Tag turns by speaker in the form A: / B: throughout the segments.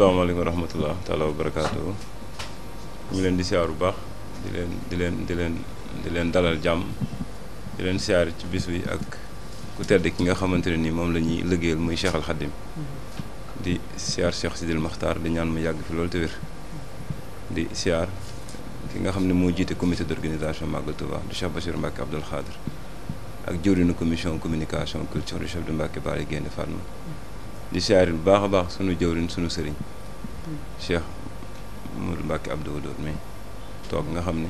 A: salaamaaleykum wa rahmatulah taala wa barakaatu ñu leen di siyaar bu baax di leen di leen di leen dalal jàmm di leen siyaar ci bis bi ak ku tedd ki nga xamante ne ni moom la ñuy liggéeyal muy Cheikh Al Khadim di siyaar Cheikh Sidil Maxtaar di ñaan mu yàgg fi loolu te di siyaar ki nga xam ne moo jiite comité d'organisation Magal Touba du Cheikh Bachir Mbacke Abdoul Khadir ak jëwriñu commission communication culture du chef de Mbacke Bari Gaynde Fatma di siyaare bu baax a baax sunu jëwriñ sunu sëriñ Cheikh Modou Mbacke Abdou Wadoud mi toog nga xam ni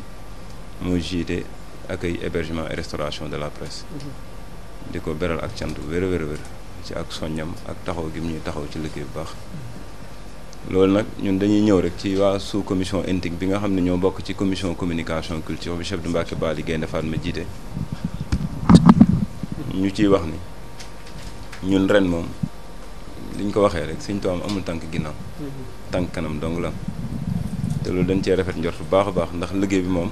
A: moo jiite accueil hébergement et restauration de la presse mm-hmm. di ko beral ak cant bu wér ci ak soññam ak taxaw gi mu ñuy taxaw ci liggéey bu baax mm-hmm. loolu nag ñun dañuy ñëw rek ci waa sous commission éthique bi nga xam ne ñoo bokk ci commission communication culture bi chef du Mbacke Bali Gaynde ma jiite ñu ciy wax ni ñun ren moom li ñu ko waxee rek Sëñ Tuubaa amul tànk ginnaaw mm-hmm. tànk kanam dong la te loolu dañ cee rafet njort bu baax a baax ndax liggéey bi moom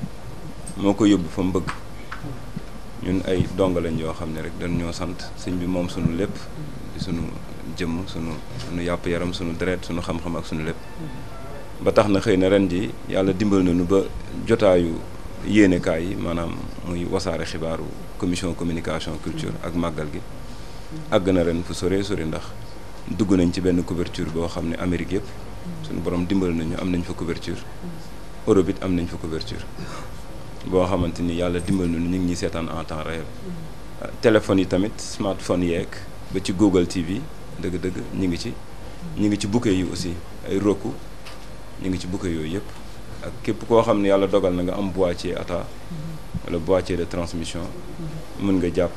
A: moo ko yóbbu fa mu bëgg mm-hmm. ñun ay dong lañ yoo xam ne rek dañ ñoo sant sëñ bi moom sunu lépp mm-hmm. sunu jëmm sunu sunu yàpp yaram sunu deret sunu xam-xam ak sunu lépp ba tax na xëy na ren ji yàlla dimbal nañu ba jotaayu yéenekaay yi maanaam muy wasaare xibaaru commission communication culture ak màggal gi àgg na ren fu sore sori ndax dugg nañ ci benn couverture boo xam ne Amérique yëpp suñu borom dimbali nañu am nañ fa couverture Europe it am nañ fa couverture boo xamante ni yàlla dimbal nañu ñu ngi ñuy seetaan en temps réel téléphone yi tamit smartphone yeeg ba ci Google TV dëgg-dëgg ñu ngi ci ñu ngi ci bouquet yi aussi ay Roku ñu ngi ci bouquet yooyu yëpp ak képp koo xam ne yàlla dogal na nga am boîtier ata wala boîtier de transmission mën nga jàpp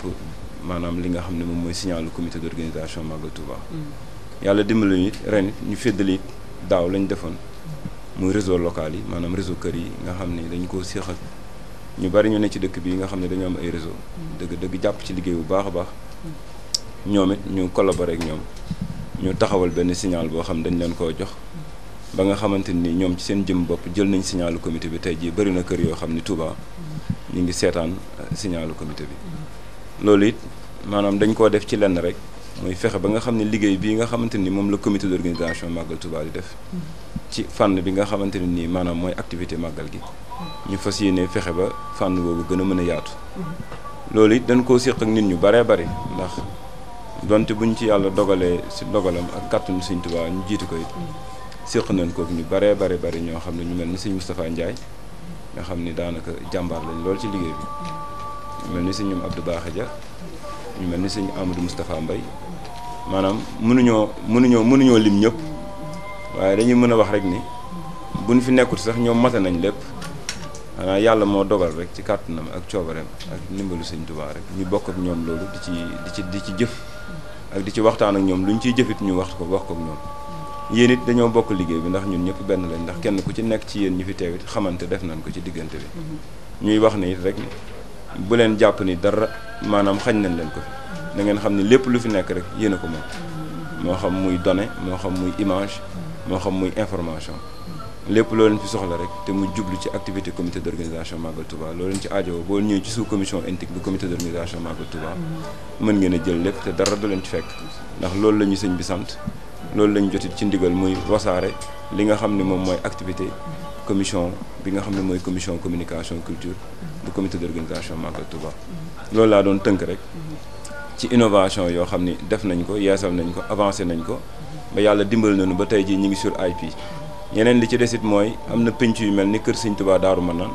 A: maanaam li nga xam ne moom mooy signalu comité d' organisation Magal Touba. Mm. yàlla dimbali nit ren it ñu féddali it daaw lañu defoon muy réseau locale yi maanaam réseau kër yi nga xam ne dañu koo séex ak ñu bari ñu ne ci dëkk bi nga xam ne dañoo am ay réseau mm. dëgg dëgg jàpp ci liggéey bu baax baax mm. ñoom it ñu collaboré ak ñoom ñu taxawal benn signal boo xam ne dañ leen ko jox ba nga xamante ni ñoom ci seen jëm bopp jël nañ signalu comité bi tey jii bari na kër yoo xam ni Touba ñu ngi seetaan euh, signalu comité bi maanaam dañ koo def ci lenn rek mooy fexe ba nga xam ne liggéey bii nga xamante ni moom la comité d'organisation màggal Touba di def ci fànn bi nga xamante ne nii maanaam mooy activité màggal gi ñu fas yéene fexe ba fànn boobu gën a mën a yaatu loolu it dañ ko séq ak nit ñu baree bari ndax donte buñ ci yàlla dogalee si dogalam ak kàttanu Sëñ Tuubaa ñu jiitu koy it séq nañ ko ñu baree bare bari ñoo xam ne ñu mel ni Sëñ Moustapha Ndiaye nga xam ni daanaka jàmbaar lañ ci liggéey bi ñu mel ni Sëñ ñoom Abdou Baaxa Ja ñu mel ni sëñ Amadou Moustapha Mbaye maanaam mënuñoo mënuñoo mënuñoo lim ñëpp waaye dañuy mën a wax rek ni buñ fi nekkut sax ñoom mate nañ lépp xanaa yàlla moo dogal rek ci kàttanam ak coobareem ak ndimbalu sëñ Tuubaa rek ñu bokk ak ñoom loolu di ci di ci di ci jëf ak di ci waxtaan ak ñoom lu ñu ciy jëfit ñu wax ko wax ko ak ñoom yéen dañoo bokk liggéey bi ndax ñun ñëpp benn lañ ndax kenn ku ci nekk ci yéen ñu fi teewit xamante def nañ ko ci diggante bi mm-hmm. ñuy wax ne rek bu leen jàpp ni dara maanaam xañ nañ leen ko fi na ngeen xam ne lépp lu fi nekk rek yéen a ko moom moo xam muy données moo xam muy image moo xam muy information lépp loolu leen fi soxla rek te mu jublu ci activité comité d' organisation Magal Touba loo leen ci ajo boo ñëwee ci sous commission éthique bi comité d' organisation Magal Touba mën ngeen a jël lépp te dara du leen ci fekk ndax loolu la ñu sëñ bi sant loolu la ñu jotit ci ndigal muy wasaare li nga xam ne moom mooy activité commission bi nga xam ne mooy commission communication culture du comité d'organisation Magal Touba loolu laa doon tënk rek ci innovation yoo xam ni def nañ ko yeesal nañ ko avancé nañ ko ba yàlla dimbal nañu ba tey jii ñu ngi sur IP yeneen li ci desit mooy am na pénc yu mel ni kër Sëñ Touba Daaru Manaan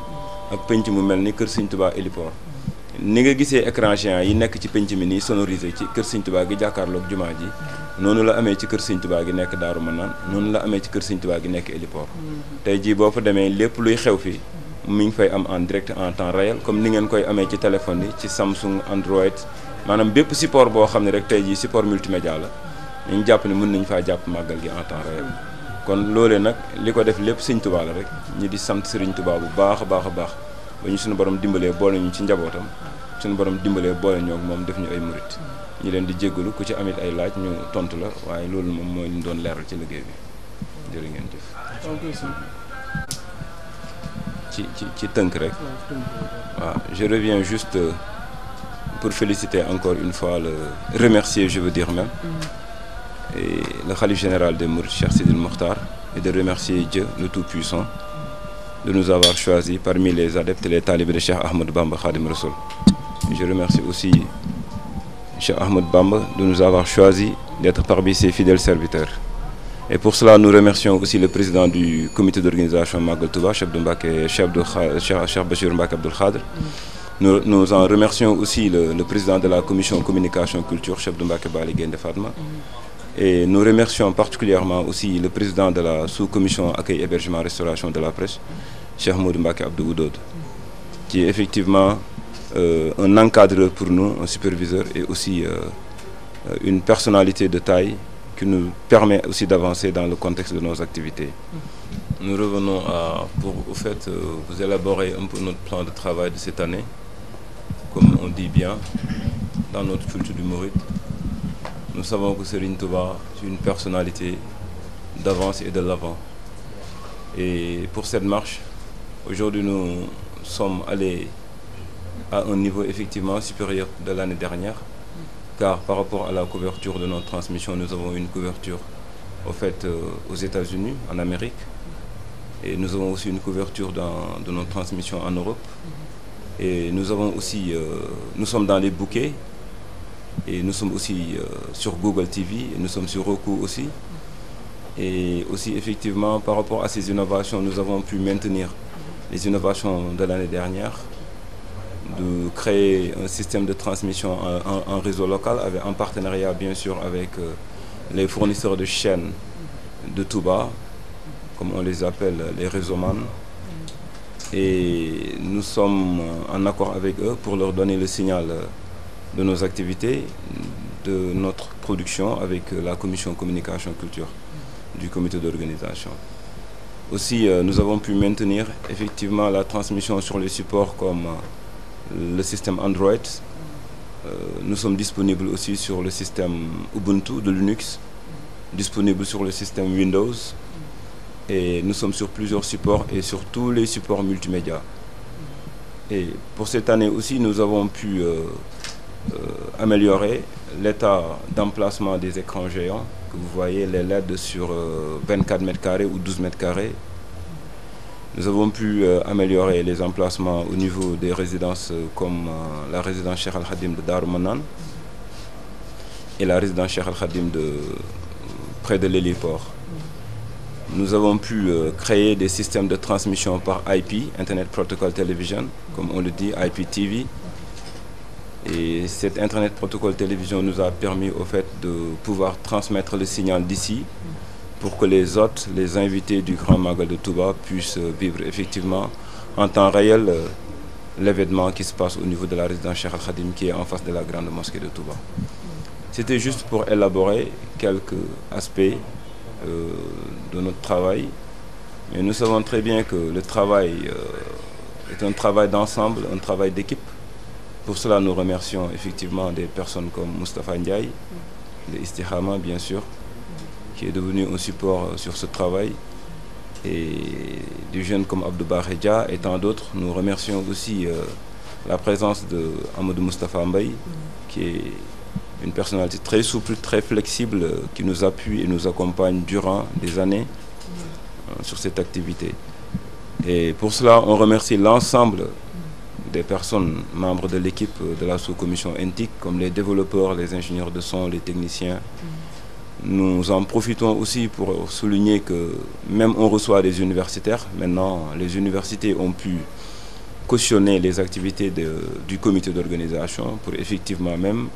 A: ak pénc mu mel ni kër Sëñ Touba Héliport ni nga gisee écran géant yi nekk ci pénc mi nii sonorisé ci kër Sëñ Touba gi jàkkaarloog jumaa ji noonu la amee ci kër Sëñ tubaa gi nekk Daaru Manaan noonu la amee ci kër Sëñ gi nekk Héliport mm-hmm. tey jii boo fa demee lépp luy xew fii mi ngi fay am en direct en temps réel comme ni ngeen koy amee ci téléphone yi ci Samsung Android maanaam bépp support boo xam ne rek tey jii support multimédia la ñu jàpp ne mën nañu faa jàpp màggal gi en temps réel kon loolee nag li ko def lépp Sëriñ Tuubaa la rek ñi di sant Sëriñ Tuubaa bu baax a baax a baax ba ñu suñu borom dimbalee boole ñu ci njabootam suñu borom dimbalee boole ñoo moom def ñu ay murit ñi leen di jéggalu ku ci amit ay laaj ñu tontu la waaye loolu moom moo ñu doon leeral ci liggéey bi ngeen
B: jëf.
A: ci ci ci tënk rek waaw je reviens juste euh, pour féliciter encore une fois le remercier je veux dire même mm. et le khalife général des Mourides Cheikh Sidil Mokhtar et de remercier Dieu le Tout-Puissant mm. de nous avoir choisis parmi les adeptes et les talibés de Cheikh Ahmed Bamba Khadim Rasoul je remercie aussi Cheikh Ahmed Bamba de nous avoir choisis d'être parmi ses fidèles serviteurs Et pour cela, nous remercions aussi le président du comité d'organisation Magal Touba, chef de Mbaké, chef de chef Bachir mm. Nous, en remercions aussi le, le, président de la commission communication culture, chef de Mbaké Bali Gende Fatma. Mm. Et nous remercions particulièrement aussi le président de la sous-commission accueil hébergement restauration de la presse, Cheikh Moudimbake Abdougoudod, qui est effectivement euh, un encadreur pour nous, un superviseur et aussi euh, euh, une personnalité de taille qui nous permet aussi d'avancer dans le contexte de nos activités. Mm-hmm. Nous revenons à, pour au fait, euh, vous élaborer un peu notre plan de travail de cette année, comme on dit bien, dans notre culture du Mouride. Nous savons que Serigne Touba est une personnalité d'avance et de l'avant. Et pour cette marche, aujourd'hui nous sommes allés à un niveau effectivement supérieur de l'année dernière. car par rapport à la couverture de notre transmission, nous avons une couverture au fait euh, aux États-Unis, en Amérique, et nous avons aussi une couverture dans, de notre transmission en Europe. Et nous avons aussi, euh, nous sommes dans les bouquets, et nous sommes aussi euh, sur Google TV, et nous sommes sur Roku aussi. Et aussi, effectivement, par rapport à ces innovations, nous avons pu maintenir les innovations de l'année dernière de créer un système de transmission en, en, en réseau local, avec, en partenariat bien sûr avec euh, les fournisseurs de chaînes de Touba, comme on les appelle les réseaumanes. Et nous sommes en accord avec eux pour leur donner le signal de nos activités, de notre production avec la commission communication culture du comité d'organisation. Aussi, euh, nous avons pu maintenir effectivement la transmission sur les supports comme euh, le système Android. Euh, nous sommes disponibles aussi sur le système Ubuntu de Linux, disponible sur le système Windows. Et nous sommes sur plusieurs supports et sur tous les supports multimédia. Et pour cette année aussi, nous avons pu euh, euh, améliorer l'état d'emplacement des écrans géants. Vous voyez les LED sur euh, 24 mètres carrés ou 12 mètres carrés. Nous avons pu euh, améliorer les emplacements au niveau des résidences euh, comme euh, la résidence Cheikh Al-Khadim de Darumanan et la résidence Cheikh Al-Khadim de près de l'héliport. Nous avons pu créer des systèmes de transmission par IP, Internet Protocol Television, comme on le dit, IPTV. Et cet Internet Protocol Television nous a permis au fait de pouvoir transmettre le signal d'ici pour que les hôtes, les invités du Grand Magal de Touba puissent euh, vivre effectivement en temps réel euh, l'événement qui se passe au niveau de la résidence Cheikh Al Khadim qui est en face de la grande mosquée de Touba. C'était juste pour élaborer quelques aspects euh, de notre travail. Mais nous savons très bien que le travail euh, est un travail d'ensemble, un travail d'équipe. Pour cela, nous remercions effectivement des personnes comme Moustapha Ndiaye, les Istihama bien sûr, qui est devenu un support euh, sur ce travail. Et des jeunes comme Abdou Bahreja et tant d'autres, nous remercions aussi euh, la présence de Amadou Moustapha Mbaye, mm. qui est une personnalité très souple, très flexible, euh, qui nous appuie et nous accompagne durant des années mm. euh, sur cette activité. Et pour cela, on remercie l'ensemble mm. des personnes membres de l'équipe euh, de la sous-commission ENTIC, comme les développeurs, les ingénieurs de son, les techniciens. Nous en profitons aussi pour souligner que même on reçoit des universitaires. Maintenant, les universités ont pu cautionner les activités de, du comité d'organisation pour effectivement même,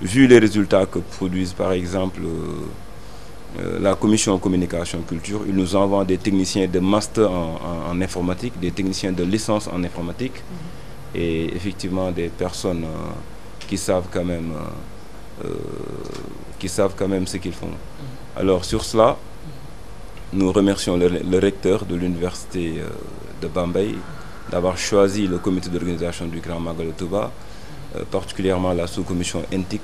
A: vu les résultats que produisent par exemple euh, euh la commission communication culture, ils nous envoient des techniciens de master en, en, en informatique, des techniciens de licence en informatique mm-hmm. et effectivement des personnes euh, qui savent quand même... Euh, Euh, qui savent quand même ce qu'ils font. Mhm. Alors sur cela, nous remercions le, le recteur de l'université euh, de Bambay d'avoir choisi le comité d'organisation du Grand Magal Touba, euh, particulièrement la sous-commission ENTIC,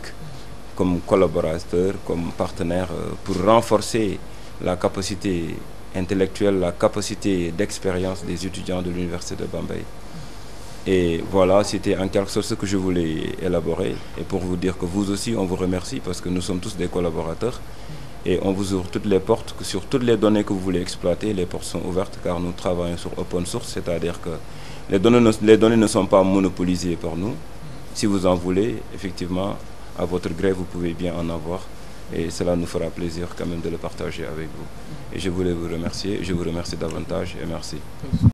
A: comme collaborateur, comme partenaire, euh, pour renforcer la capacité intellectuelle, la capacité d'expérience des étudiants de l'université de Bambay. Et voilà, c'était en quelque sorte ce que je voulais élaborer. Et pour vous dire que vous aussi, on vous remercie parce que nous sommes tous des collaborateurs. Et on vous ouvre toutes les portes, sur toutes les données que vous voulez exploiter, les portes sont ouvertes car nous travaillons sur open source, c'est-à-dire que les données, Si vous en voulez, effectivement, à votre gré, vous pouvez bien en avoir. Et cela nous fera plaisir de le partager avec vous. Et je voulais vous remercier, et merci.